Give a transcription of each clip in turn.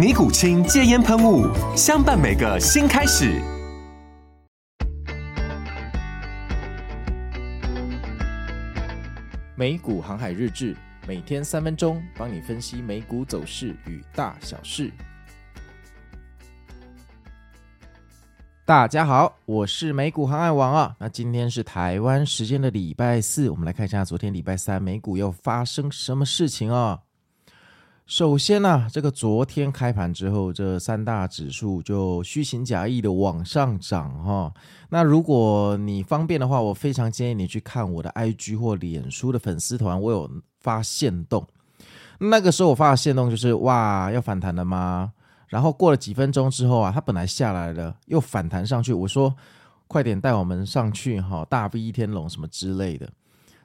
尼古清戒煙噴霧，相伴每個新開始。美股航海日誌，每天三分鐘，幫你分析美股走勢與大小事。大家好，我是美股航海王啊、哦！那今天是台灣時間的禮拜四，我們來看一下昨天禮拜三美股又發生什麼事情啊、哦。首先呢、啊，這個昨天開盤之後，這三大指數就虛情假意的往上漲哈、哦。那如果你方便的話，我非常建議你去看我的 IG 或臉書的粉絲團，我有發限動。那個時候我發的限動就是哇，要反彈了嗎？然後過了幾分鐘之後啊，它本來下來了，又反彈上去。我說快點帶我們上去哈、哦，大逼天龍什麼之類的。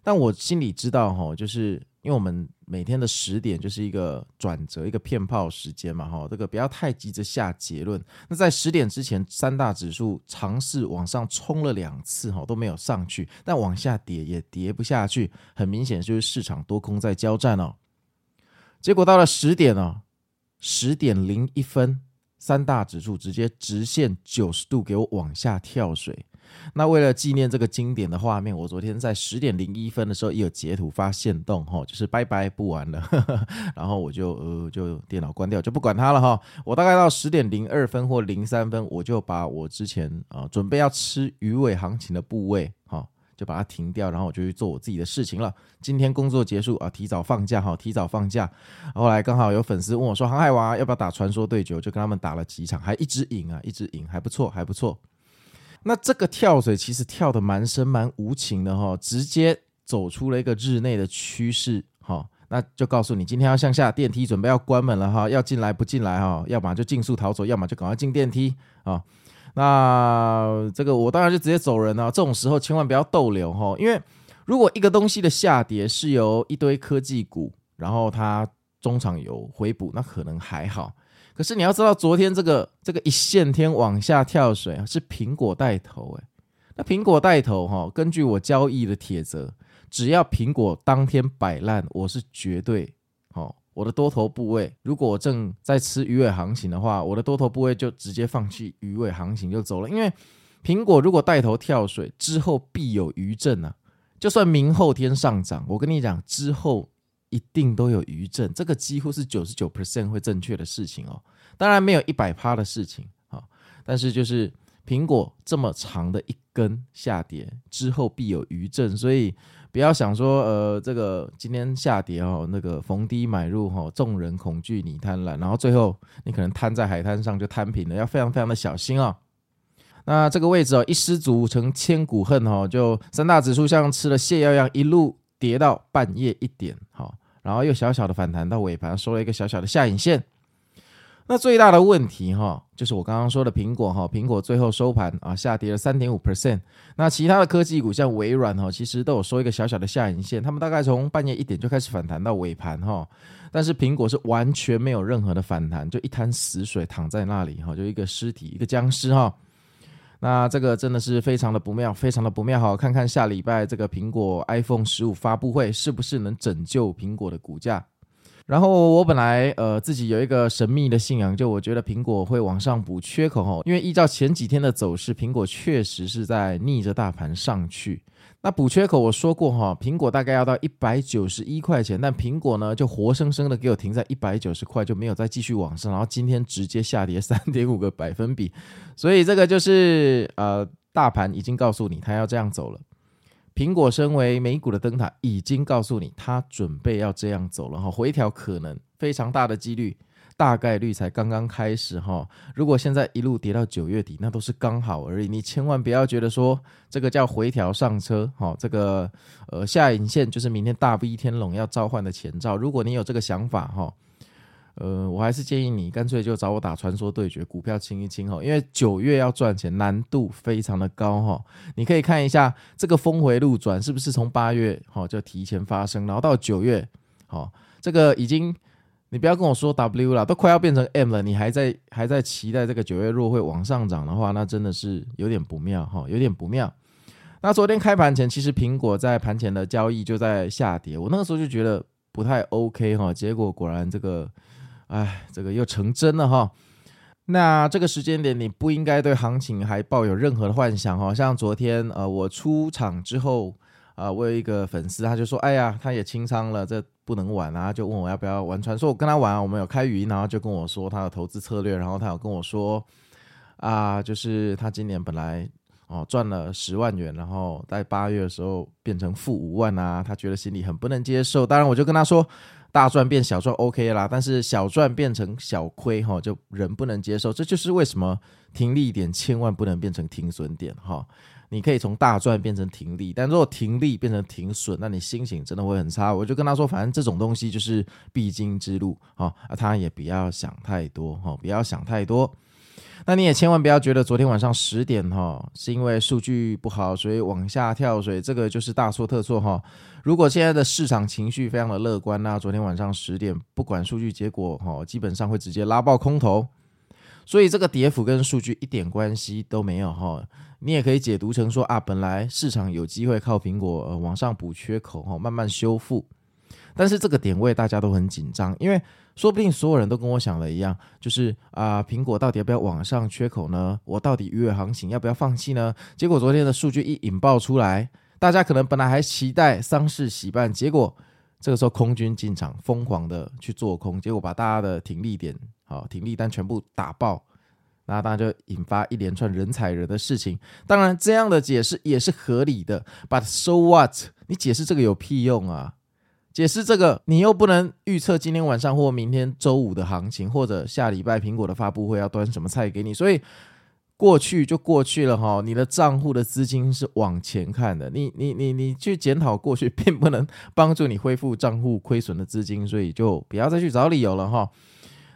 但我心裡知道哈、哦，就是。因為我們每天的十點就是一個轉折，一個騙炮時間嘛，哈，這個不要太急着下結論。那在十點之前，三大指數嘗試往上衝了兩次，哈，都沒有上去，但往下跌也跌不下去，很明顯就是市場多空在交戰哦。結果到了十點哦，十點零一分，三大指數直接直線九十度給我往下跳水。那為了紀念這個經典的畫面，我昨天在十點零一分的時候也有截圖發限動哈、哦，就是拜拜不玩了呵呵，然後我就呃就電腦關掉就不管它了哈、哦。我大概到十點零二分或零三分，我就把我之前啊、哦、準備要吃魚尾行情的部位哈、哦，就把它停掉，然後我就去做我自己的事情了。今天工作結束啊、呃，提早放假哈，提早放假。後來剛好有粉絲問我說：“航海娃要不要打傳說對決？”我就跟他們打了幾場，還一直贏啊，一直贏，還不錯，還不錯。那這個跳水其實跳得蠻深蠻無情的哈、哦，直接走出了一個日內的趨勢哈、哦，那就告訴你，今天要向下電梯，準備要關門了哈、哦，要進來不進來哈、哦，要麼就儘速逃走，要麼就趕快進電梯啊、哦。那這個我當然就直接走人了，這種時候千萬不要逗留哈、哦，因為如果一個東西的下跌是由一堆科技股，然後它中場有回補，那可能還好。可是你要知道，昨天這個這個一線天往下跳水啊，是蘋果帶頭哎、欸。那蘋果帶頭哈、哦，根據我交易的鐵則，只要蘋果當天擺爛，我是絕對好、哦。我的多頭部位，如果我正在吃魚尾行情的話，我的多頭部位就直接放棄魚尾行情就走了。因為蘋果如果帶頭跳水之後，必有餘震啊。就算明後天上漲，我跟你講之後。一定都有餘震，這個幾乎是九十九 percent 會正確的事情哦。當然沒有一百趴的事情啊，但是就是蘋果這麼長的一根下跌之後必有餘震，所以不要想說呃這個今天下跌哦，那個逢低買入哈哦，眾人恐懼你貪婪，然後最後你可能癱在海灘上就癱平了，要非常非常的小心哦。那這個位置哦，一失足成千古恨哦，就三大指數像吃了瀉藥一樣一路。跌到半夜一點哈，然後又小小的反彈到尾盤，收了一個小小的下影線。那最大的問題哈，就是我剛剛說的蘋果哈，蘋果最後收盤啊下跌了三點五 percent。那其他的科技股像微軟哈，其實都有收一個小小的下影線，他們大概從半夜一點就開始反彈到尾盤哈，但是蘋果是完全沒有任何的反彈，就一灘死水躺在那裡哈，就一個屍體，一個僵屍哈。那這個真的是非常的不妙，非常的不妙。好，看看下禮拜這個蘋果 iPhone 十五發布會是不是能拯救蘋果的股價？然後我本來呃自己有一個神秘的信仰，就我覺得蘋果會往上補缺口哈，因為依照前幾天的走勢，蘋果確實是在逆着大盤上去。那補缺口我說過哈、哦，蘋果大概要到一百九十一塊錢，但蘋果呢就活生生的給我停在一百九十塊，就沒有再繼續往上，然後今天直接下跌三點五個百分比，所以這個就是呃大盤已經告訴你它要這樣走了。蘋果身為美股的燈塔，已經告訴你它準備要這樣走了哈、哦，回調可能非常大的幾率。大概率才剛剛開始哈，如果現在一路跌到九月底，那都是剛好而已。你千萬不要覺得說這個叫回調上車，哈，這個呃下影線就是明天大 V 天龍要召喚的前兆。如果你有這個想法哈，呃，我還是建議你乾脆就找我打傳說對決，股票清一清哈，因為九月要賺錢難度非常的高哈。你可以看一下這個峰回路轉是不是從八月哈就提前發生，然後到九月哈，這個已經。你不要跟我說 W 啦，都快要變成 M 了，你還在還在期待這個九月若會往上漲的話，那真的是有點不妙哈、哦，有點不妙。那昨天開盤前，其實蘋果在盤前的交易就在下跌，我那個時候就覺得不太 OK 哈、哦，結果果然這個，哎，這個又成真了哈、哦。那這個時間點，你不應該對行情還抱有任何的幻想哈、哦，像昨天呃，我出場之後。啊、呃，我有一個粉絲，他就說，哎呀，他也清倉了，這不能玩啊，就問我要不要玩船，所以我跟他玩，我們有開語音，然後就跟我說他的投資策略，然後他有跟我說，啊、呃，就是他今年本來。哦，賺了十萬元，然後在八月的時候變成負五萬啊，他覺得心裡很不能接受。當然，我就跟他說，大賺變小賺 OK 啦，但是小賺變成小虧哈、哦，就人不能接受。這就是為什麼停利點千萬不能變成停損點哈、哦。你可以從大賺變成停利，但若停利變成停損，那你心情真的會很差。我就跟他說，反正這種東西就是必經之路啊、哦，啊，他也不要想太多哈、哦，不要想太多。那你也千萬不要覺得昨天晚上十點哈、哦，是因為數據不好，所以往下跳水，這個就是大錯特錯哈、哦。如果現在的市場情緒非常的樂觀吶，那昨天晚上十點不管數據結果哈，基本上會直接拉爆空頭。所以這個跌幅跟數據一點關係都沒有哈。你也可以解讀成說啊，本來市場有機會靠蘋果呃往上補缺口哈，慢慢修復。但是這個點位大家都很緊張，因為說不定所有人都跟我想的一樣，就是啊、呃，蘋果到底要不要往上缺口呢？我到底迂回行情要不要放棄呢？結果昨天的數據一引爆出來，大家可能本來還期待喪事喜辦，結果這個時候空軍進場瘋狂的去做空，結果把大家的停利點好、哦、停利單全部打爆，那大家就引發一連串人踩人的事情。當然這樣的解釋也是合理的，But so what？你解釋這個有屁用啊？解釋這個，你又不能預測今天晚上或明天周五的行情，或者下禮拜蘋果的發布會要端什麼菜給你，所以過去就過去了哈。你的賬戶的資金是往前看的，你你你你去檢討過去，並不能幫助你恢復賬戶虧損的資金，所以就不要再去找理由了哈。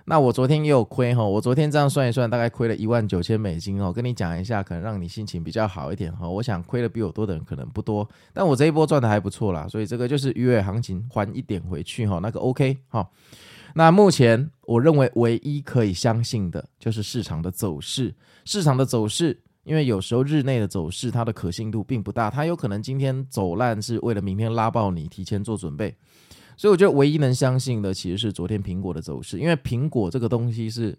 那我昨天也有虧哈，我昨天這樣算一算，大概虧了一萬九千美金哦。跟你講一下，可能讓你心情比較好一點哈。我想虧的比我多的人可能不多，但我這一波賺的還不錯啦，所以這個就是魚尾行情還一點回去哈，那個 OK 哈。那目前我認為唯一可以相信的就是市場的走勢，市場的走勢，因為有時候日內的走勢它的可信度並不大，它有可能今天走爛是為了明天拉爆你，提前做準備。所以我覺得唯一能相信的其實是昨天蘋果的走勢，因為蘋果這個東西是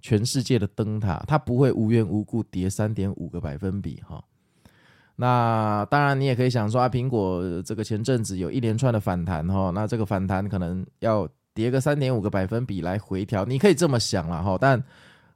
全世界的燈塔，它不會無緣無故跌三點五個百分比哈哦。那當然你也可以想說啊，蘋果這個前陣子有一連串的反彈哈哦，那這個反彈可能要跌個三點五個百分比來回調，你可以這麼想啦哦。但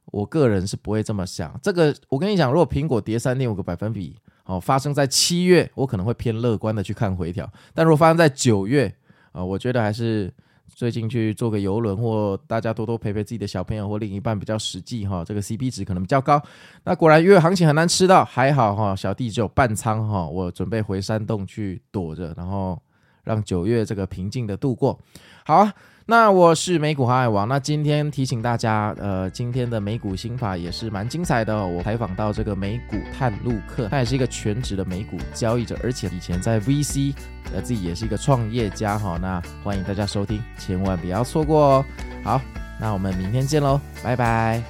我個人是不會這麼想。這個我跟你講，如果蘋果跌三點五個百分比哦，發生在七月，我可能會偏樂觀的去看回調；但如果發生在九月，啊、哦，我覺得還是最近去坐個遊輪，或大家多多陪陪自己的小朋友或另一半比較實際哈、哦。這個 CP 值可能比較高。那果然，月行情很難吃到，還好哈、哦，小弟只有半倉哈、哦，我準備回山洞去躲着，然後讓九月這個平靜地度過。好，那我是美股航海王。那今天提醒大家，呃，今天的美股新法也是蠻精彩的哦。我採訪到這個美股探路客，他也是一個全職的美股交易者，而且以前在 VC，呃，自己也是一個創業家哈、哦。那歡迎大家收聽，千萬不要錯過哦。好，那我們明天見嘍，拜拜。